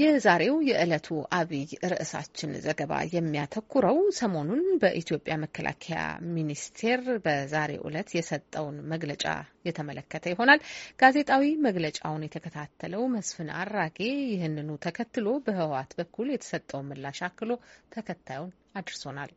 የዛሬው የዕለቱ አብይ ርዕሳችን ዘገባ የሚያተኩረው ሰሞኑን በኢትዮጵያ መከላከያ ሚኒስቴር በዛሬው ዕለት የሰጠውን መግለጫ የተመለከተ ይሆናል። ጋዜጣዊ መግለጫውን የተከታተለው መስፍን አራጌ ይህንኑ ተከትሎ በህወሓት በኩል የተሰጠውን ምላሽ አክሎ ተከታዩን አድርሶናል።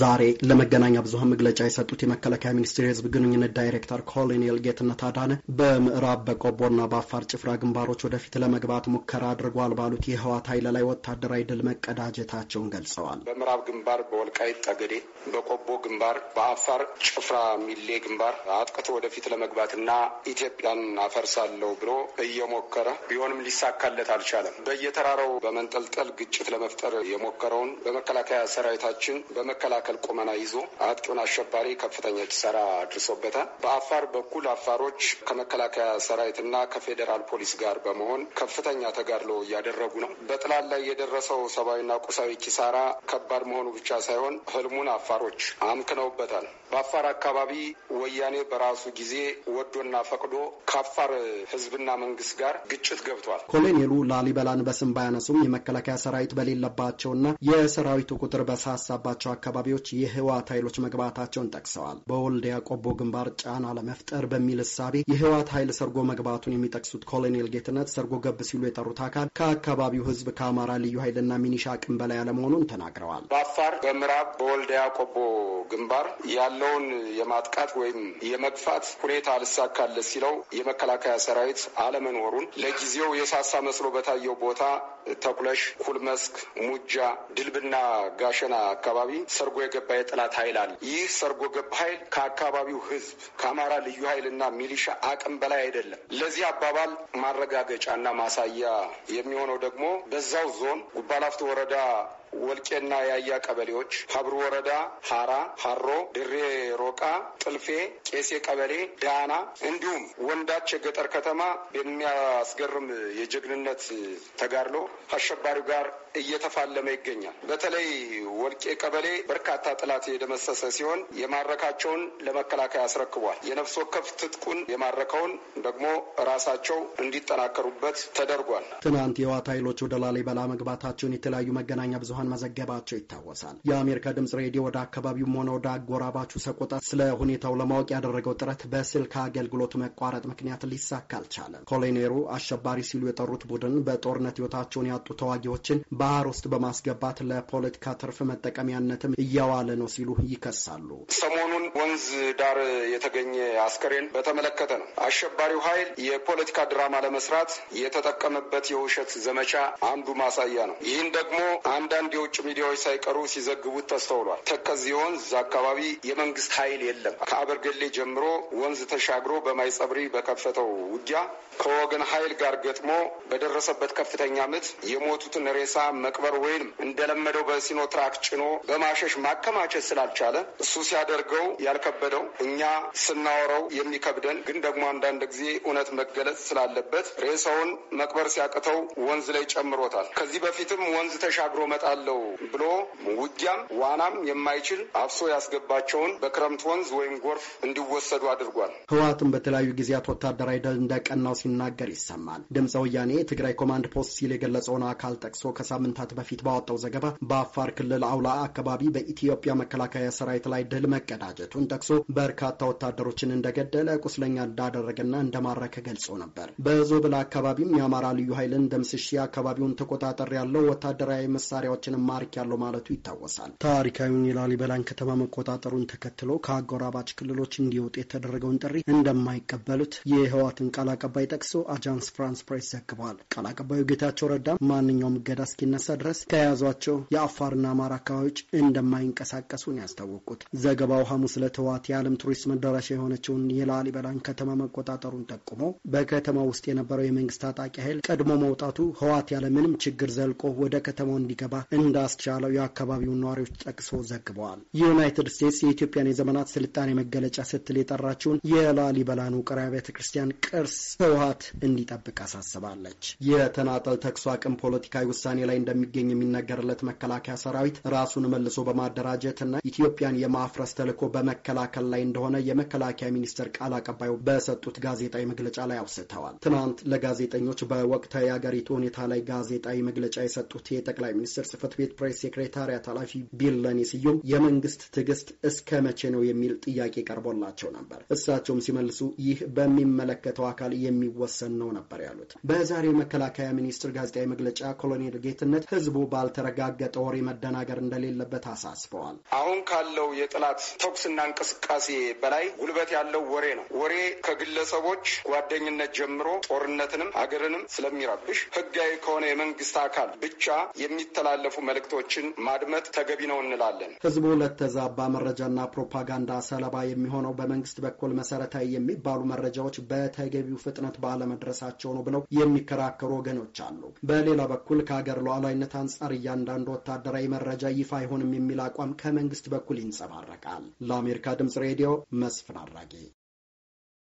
ዛሬ ለመገናኛ ብዙሀን መግለጫ የሰጡት የመከላከያ ሚኒስቴር የህዝብ ግንኙነት ዳይሬክተር ኮሎኔል ጌትነት አዳነ በምዕራብ በቆቦና በአፋር ጭፍራ ግንባሮች ወደፊት ለመግባት ሙከራ አድርጓል ባሉት የህዋት ኃይል ላይ ወታደራዊ ድል መቀዳጀታቸውን ገልጸዋል። በምዕራብ ግንባር በወልቃይት ጠገዴ፣ በቆቦ ግንባር፣ በአፋር ጭፍራ ሚሌ ግንባር አጥቅቶ ወደፊት ለመግባትና ኢትዮጵያን አፈርሳለሁ ብሎ እየሞከረ ቢሆንም ሊሳካለት አልቻለም። በየተራራው በመንጠልጠል ግጭት ለመፍጠር የሞከረውን በመከላከያ ሰራዊታችን በመከላ የመከላከል ቁመና ይዞ አጥቂውን አሸባሪ ከፍተኛ ኪሳራ አድርሶበታል። በአፋር በኩል አፋሮች ከመከላከያ ሰራዊትና ከፌዴራል ፖሊስ ጋር በመሆን ከፍተኛ ተጋድሎ እያደረጉ ነው። በጥላት ላይ የደረሰው ሰብአዊና ቁሳዊ ኪሳራ ከባድ መሆኑ ብቻ ሳይሆን ህልሙን አፋሮች አምክነውበታል። በአፋር አካባቢ ወያኔ በራሱ ጊዜ ወዶና ፈቅዶ ከአፋር ህዝብና መንግስት ጋር ግጭት ገብቷል። ኮሎኔሉ ላሊበላን በስም ባያነሱም የመከላከያ ሰራዊት በሌለባቸውና የሰራዊቱ ቁጥር በሳሳባቸው አካባቢ አካባቢዎች የህወሓት ኃይሎች መግባታቸውን ጠቅሰዋል። በወልዲያ ቆቦ ግንባር ጫና ለመፍጠር በሚል እሳቤ የህወሓት ኃይል ሰርጎ መግባቱን የሚጠቅሱት ኮሎኔል ጌትነት ሰርጎ ገብ ሲሉ የጠሩት አካል ከአካባቢው ህዝብ ከአማራ ልዩ ኃይልና ሚኒሻ አቅም በላይ አለመሆኑን ተናግረዋል። በአፋር በምዕራብ በወልዲያ ቆቦ ግንባር ያለውን የማጥቃት ወይም የመግፋት ሁኔታ አልሳካለት ሲለው የመከላከያ ሰራዊት አለመኖሩን ለጊዜው የሳሳ መስሎ በታየው ቦታ ተኩለሽ፣ ኩልመስክ፣ ሙጃ፣ ድልብና ጋሸና አካባቢ ሰርጎ ሰርጎ የገባ የጠላት ኃይል አለ። ይህ ሰርጎ ገባ ኃይል ከአካባቢው ህዝብ ከአማራ ልዩ ኃይልና ሚሊሻ አቅም በላይ አይደለም። ለዚህ አባባል ማረጋገጫና ማሳያ የሚሆነው ደግሞ በዛው ዞን ጉባላፍቶ ወረዳ ወልቄና ያያ ቀበሌዎች፣ ሀብሩ ወረዳ ሀራ፣ ሀሮ፣ ድሬ ሮቃ፣ ጥልፌ፣ ቄሴ ቀበሌ፣ ዳና እንዲሁም ወንዳች የገጠር ከተማ በሚያስገርም የጀግንነት ተጋድሎ አሸባሪው ጋር እየተፋለመ ይገኛል። በተለይ ወልቄ ቀበሌ በርካታ ጠላት የደመሰሰ ሲሆን የማረካቸውን ለመከላከያ አስረክቧል። የነፍስ ወከፍ ትጥቁን የማረከውን ደግሞ ራሳቸው እንዲጠናከሩበት ተደርጓል። ትናንት የዋት ኃይሎች ወደ ላሊበላ መግባታቸውን የተለያዩ መገናኛ ብዙሀን ብርሃን መዘገባቸው ይታወሳል። የአሜሪካ ድምጽ ሬዲዮ ወደ አካባቢውም ሆነ ወደ አጎራባቹ ሰቆጣ ስለ ሁኔታው ለማወቅ ያደረገው ጥረት በስልክ አገልግሎት መቋረጥ ምክንያት ሊሳካ አልቻለም። ኮሎኔሩ አሸባሪ ሲሉ የጠሩት ቡድን በጦርነት ህይወታቸውን ያጡ ተዋጊዎችን ባህር ውስጥ በማስገባት ለፖለቲካ ትርፍ መጠቀሚያነትም እያዋለ ነው ሲሉ ይከሳሉ። ሰሞኑን ወንዝ ዳር የተገኘ አስከሬን በተመለከተ ነው። አሸባሪው ኃይል የፖለቲካ ድራማ ለመስራት የተጠቀመበት የውሸት ዘመቻ አንዱ ማሳያ ነው። ይህን ደግሞ አንዳንድ የውጭ ሚዲያዎች ሳይቀሩ ሲዘግቡት ተስተውሏል። ተከዜ ወንዝ አካባቢ የመንግስት ኃይል የለም። ከአበርገሌ ጀምሮ ወንዝ ተሻግሮ በማይጸብሪ በከፈተው ውጊያ ከወገን ኃይል ጋር ገጥሞ በደረሰበት ከፍተኛ ምት የሞቱትን ሬሳ መቅበር ወይም እንደለመደው በሲኖትራክ ጭኖ በማሸሽ ማከማቸት ስላልቻለ እሱ ሲያደርገው ያልከበደው እኛ ስናወረው የሚከብደን ግን ደግሞ አንዳንድ ጊዜ እውነት መገለጽ ስላለበት ሬሳውን መቅበር ሲያቅተው ወንዝ ላይ ጨምሮታል። ከዚህ በፊትም ወንዝ ተሻግሮ መጣ እችላለሁ ብሎ ውጊያም ዋናም የማይችል አፍሶ ያስገባቸውን በክረምት ወንዝ ወይም ጎርፍ እንዲወሰዱ አድርጓል። ህወሓትም በተለያዩ ጊዜያት ወታደራዊ ድል እንደቀናው ሲናገር ይሰማል። ድምፀ ወያኔ የትግራይ ኮማንድ ፖስት ሲል የገለጸውን አካል ጠቅሶ ከሳምንታት በፊት ባወጣው ዘገባ በአፋር ክልል አውላ አካባቢ በኢትዮጵያ መከላከያ ሰራዊት ላይ ድል መቀዳጀቱን ጠቅሶ በርካታ ወታደሮችን እንደገደለ ቁስለኛ እንዳደረገና እንደማረከ ገልጾ ነበር። በዞብላ አካባቢም የአማራ ልዩ ኃይልን ደምስሺ አካባቢውን ተቆጣጠር ያለው ወታደራዊ መሳሪያዎች ሰዎችንም ማርክ ያለው ማለቱ ይታወሳል። ታሪካዊውን የላሊበላን ከተማ መቆጣጠሩን ተከትሎ ከአጎራባች ክልሎች እንዲወጡ የተደረገውን ጥሪ እንደማይቀበሉት የህወሓትን ቃል አቀባይ ጠቅሶ አጃንስ ፍራንስ ፕሬስ ዘግቧል። ቃል አቀባዩ ጌታቸው ረዳ ማንኛውም እገዳ እስኪነሳ ድረስ ከያዟቸው የአፋርና አማራ አካባቢዎች እንደማይንቀሳቀሱን ያስታወቁት ዘገባው ሐሙስ ዕለት ህወሓት የዓለም ቱሪስት መዳረሻ የሆነችውን የላሊበላን ከተማ መቆጣጠሩን ጠቁሞ በከተማ ውስጥ የነበረው የመንግስት ታጣቂ ኃይል ቀድሞ መውጣቱ ህወሓት ያለምንም ችግር ዘልቆ ወደ ከተማው እንዲገባ እንዳስቻለው የአካባቢውን ነዋሪዎች ጠቅሶ ዘግበዋል። ዩናይትድ ስቴትስ የኢትዮጵያን የዘመናት ስልጣኔ መገለጫ ስትል የጠራችውን የላሊበላን ውቅር አብያተ ክርስቲያን ቅርስ ህወሀት እንዲጠብቅ አሳስባለች። የተናጠል ተኩስ አቅም ፖለቲካዊ ውሳኔ ላይ እንደሚገኝ የሚነገርለት መከላከያ ሰራዊት ራሱን መልሶ በማደራጀትና ኢትዮጵያን የማፍረስ ተልዕኮ በመከላከል ላይ እንደሆነ የመከላከያ ሚኒስቴር ቃል አቀባዩ በሰጡት ጋዜጣዊ መግለጫ ላይ አውስተዋል። ትናንት ለጋዜጠኞች በወቅታዊ የአገሪቱ ሁኔታ ላይ ጋዜጣዊ መግለጫ የሰጡት የጠቅላይ ሚኒስትር ጽፈ ጽህፈት ቤት ፕሬስ ሴክሬታሪያት ኃላፊ ቢለኔ ስዩም የመንግስት ትዕግስት እስከ መቼ ነው የሚል ጥያቄ ቀርቦላቸው ነበር። እሳቸውም ሲመልሱ ይህ በሚመለከተው አካል የሚወሰን ነው ነበር ያሉት። በዛሬው መከላከያ ሚኒስትር ጋዜጣዊ መግለጫ ኮሎኔል ጌትነት ህዝቡ ባልተረጋገጠ ወሬ መደናገር እንደሌለበት አሳስበዋል። አሁን ካለው የጥላት ተኩስና እንቅስቃሴ በላይ ጉልበት ያለው ወሬ ነው። ወሬ ከግለሰቦች ጓደኝነት ጀምሮ ጦርነትንም ሀገርንም ስለሚረብሽ ህጋዊ ከሆነ የመንግስት አካል ብቻ የሚተላለፉ ያለፉ መልእክቶችን ማድመጥ ተገቢ ነው እንላለን። ህዝቡ ለተዛባ መረጃና ፕሮፓጋንዳ ሰለባ የሚሆነው በመንግስት በኩል መሰረታዊ የሚባሉ መረጃዎች በተገቢው ፍጥነት ባለመድረሳቸው ነው ብለው የሚከራከሩ ወገኖች አሉ። በሌላ በኩል ከሀገር ሉዓላዊነት አንጻር እያንዳንዱ ወታደራዊ መረጃ ይፋ አይሆንም የሚል አቋም ከመንግስት በኩል ይንጸባረቃል። ለአሜሪካ ድምጽ ሬዲዮ መስፍን አራጌ